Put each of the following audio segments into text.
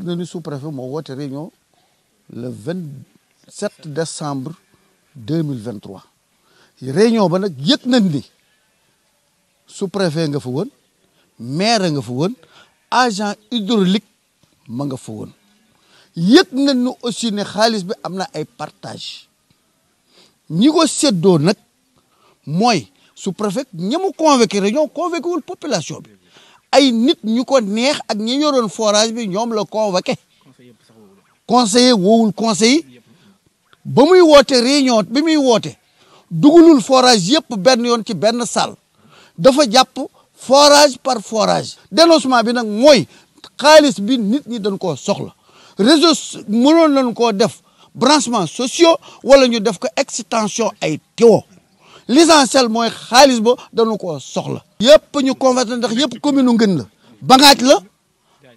Le sous-préfet moo woote réunion le 27 décembre 2023 réunion ba nag yëg ni sous-préfet nga fa woon maire nga fa woon agent hydraulique ma nga fa woon ni aussi ne xaalis bi am ay partage ñi ko séddoo nag sous-préfet ñamu convoqué réunion convoqué wul population bi ay nit ñu ko neex ak ñi yoroon forage bi ñoom la convoqué conseiller woowul conseil ba muy woote réunion bi muy woote dugalul forage yëpp benn yoon ci benn salle dafa jàpp forage par forage dénoncement bi nag mooy xaalis bi nit ñi dañ koo soxla réseau mënoon nañ ko def branchement sociaux wala ñu def ko excitention ay tiwo l'essentiel mooy xaalis ba dañu ko soxla. yëpp ñu convertir ndax yëpp commune u Ngën la Bangaaj la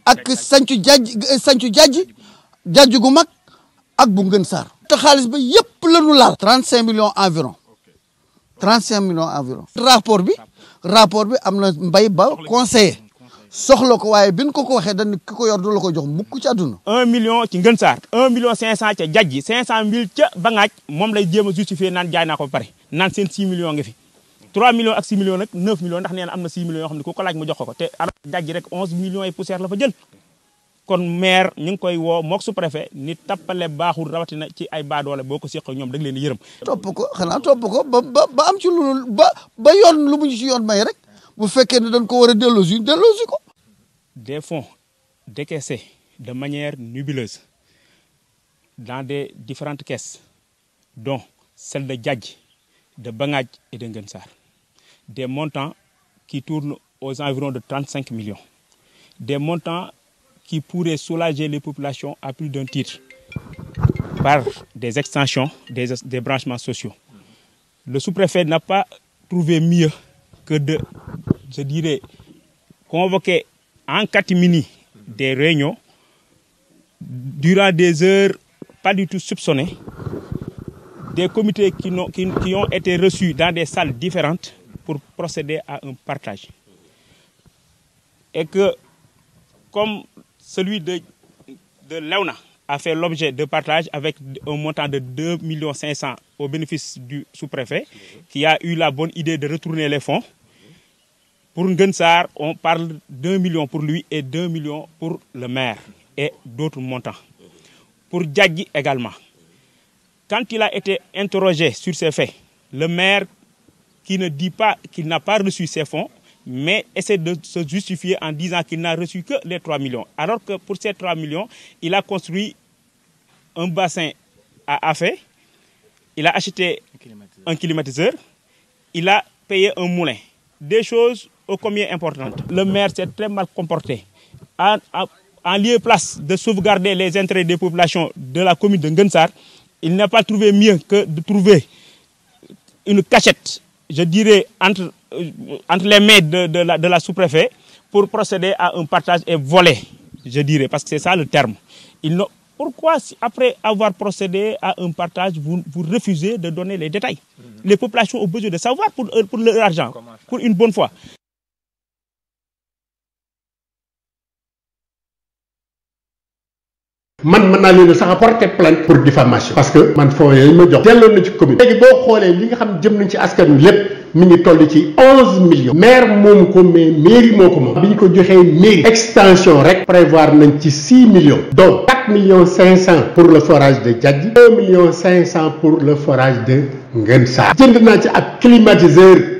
ak Sancu Jajj Sancu Jajj Jajj gu mag ak bu Ngën Sarr. te xaalis ba yëpp la ñu laal. 35 millions environ 35 millions environ. rapport bi rapport bi am na mbay ba conseiller. soxla ko waaye bin ko ko waxee dañ ki ko yor du la ko jox mukk ci àdduna un million ci ngën un million cinq jajji cinq cent mille ca bangaaj moom lay jéem a naan jaay ko ba pare naan seen six millions nga fi trois millions ak six millions nag neuf millions ndax nee na am ko laaj mu jox te jajji rek onze millions et poussière la fa jël kon maire ñu koy woo mook su ni tappale baaxul rawatina ci ay baadoole boo ko séqoo ñoom dag yërëm topp ko xanaa ba ba am ci lu ba ba yoon Vous faites que nous ko des logis, des des fonds décaissés de manière nubuleuse dans des différentes caisses dont celles de Djadj, de Bangadj et de Ngensar. Des montants qui tournent aux environs de 35 millions. Des montants qui pourraient soulager les populations à plus d'un titre par des extensions, des, des branchements sociaux. Le sous-préfet n'a pas trouvé mieux que de je dirais, convoquer en catimini des réunions durant des heures pas du tout soupçonnées, des comités qui, ont, été reçus dans des salles différentes pour procéder à un partage. Et que, comme celui de, de Leona a fait l'objet de partage avec un montant de 2,5 millions au bénéfice du sous-préfet, qui a eu la bonne idée de retourner les fonds pour Ngensar, on parle d'un million pour lui et d'un million pour le maire et d'autres montants. Pour Djagi également. Quand il a été interrogé sur ces faits, le maire qui ne dit pas qu'il n'a pas reçu ses fonds, mais essaie de se justifier en disant qu'il n'a reçu que les 3 millions. Alors que pour ces 3 millions, il a construit un bassin à Afé, il a acheté un climatiseur il a payé un moulin. Des choses ô combien importante. Le maire s'est très mal comporté. En, lieu place de sauvegarder les intérêts des populations de la commune de Ngensar, il n'a pas trouvé mieux que de trouver une cachette, je dirais, entre, euh, entre les mains de, la, sous-préfet pour procéder à un partage et voler, je dirais, parce que c'est ça le terme. pourquoi, après avoir procédé à un partage, vous, refusez de donner les détails mm-hmm. Les populations ont besoin de savoir pour, euh, pour leur argent, pour une bonne fois. man mën naa leen sax a porter plainte pour diffamation parce que man fonds yooyu ma jox delloon na ci commune léegi boo xoolee li nga xam jëm nañ ci askan wi lépp mi ngi toll ci 11 millions maire moomu ko mais mairie moo ko moom bi ñu ko joxee mairie extension rek prévoir nañ ci 6 millions donc quatre millions cinq pour le forage de Diadji deux millions cinq pour le forage de Ngensar jënd naa ci ab climatiseur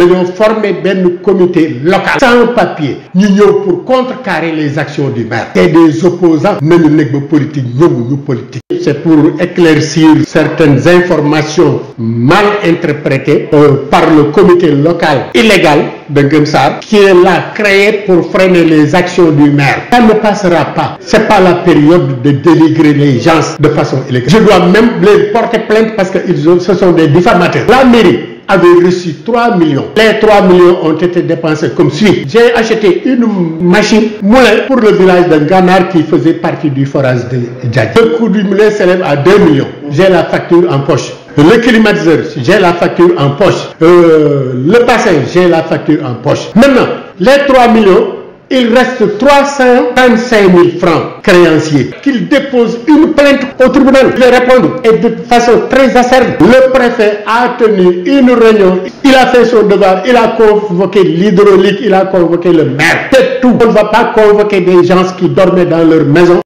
avons formé un comité local sans papier pour contrecarrer les actions du maire et des opposants même nekk ba politique politique c'est pour éclaircir certaines informations mal interprétées euh, par le comité local illégal de Gemsar qui est là créé pour freiner les actions du maire ça ne passera pas c'est pas la période de dénigrer les gens de façon illégale je dois même les porter plainte parce que ce sont des diffamateurs la mairie avait reçu 3 millions. Les 3 millions ont été dépensés comme suit. J'ai acheté une machine moulin pour le village de Ganar qui faisait partie du forage de Djadj. Le coût du moulin s'élève à 2 millions. J'ai la facture en poche. Le climatiseur, j'ai la facture en poche. Euh, le bassin, j'ai la facture en poche. Maintenant, les 3 millions il reste 325 000 francs créanciers qu'il dépose une plainte au tribunal. Il répondre et de façon très acerbe. Le préfet a tenu une réunion, il a fait son devoir, il a convoqué l'hydraulique, il a convoqué le maire. C'est tout. On ne va pas convoquer des gens qui dormaient dans leur maison.